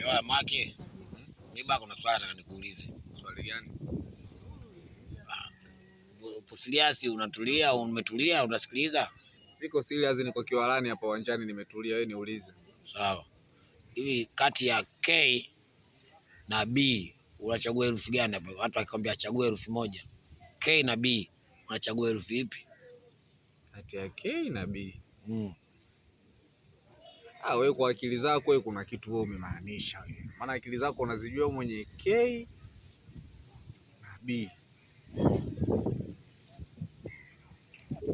Ewa eh, make niba, hmm? kuna swala nataka nikuulize. Swali gani? Ah, upo serious? Unatulia, umetulia, unasikiliza? Siko serious, niko kiwalani hapa uwanjani, nimetulia. Wewe niulize. Sawa. Hivi kati ya K na B unachagua herufi gani hapa? Watu wakikwambia achagua herufi moja, K na B, unachagua herufi ipi kati ya K na B? Hmm. Ah, wewe kwa akili zako wewe kuna kitu wewe umemaanisha wewe. Maana akili zako unazijua mwenye K na B.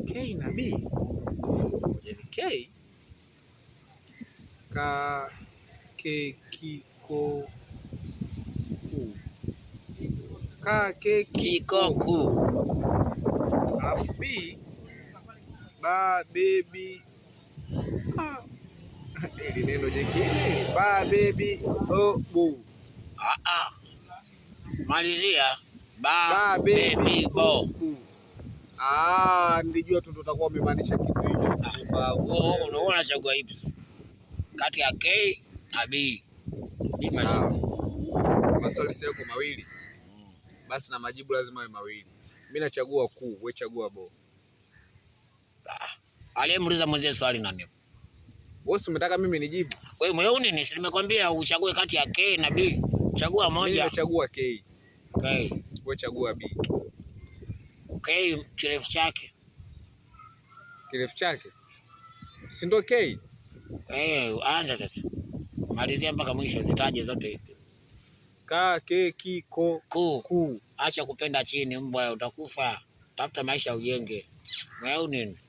K na B. Yaani K ka K kiko ku. Ka K kiko ku. Alafu B ba baby. Ah hili neno jingine babebi obu. Ah ah. Malizia babebi bo. Ah, nilijua tu tutakuwa umemaanisha kitu hicho. Ah, unaona, chagua hivi kati ya K na B. Maswali sio kwa mawili basi na majibu lazima awe mawili. Mimi nachagua kuu, wewe chagua bo. Ah, aliyemuuliza mwenzie swali nani? Wewe umetaka mimi nijibu. Wewe mweuni nini? Nimekwambia uchague kati ya K na B. Chagua moja. Mimi nachagua K. K. Wewe chagua B. K kirefu chake. Kirefu chake. Si ndio K? Eh, anza sasa. Malizia mpaka mwisho zitaje zote. Ka, ke, ki, ko, ku. Ku. Acha kupenda chini mbwa, utakufa. Tafuta maisha ujenge. Mweuni.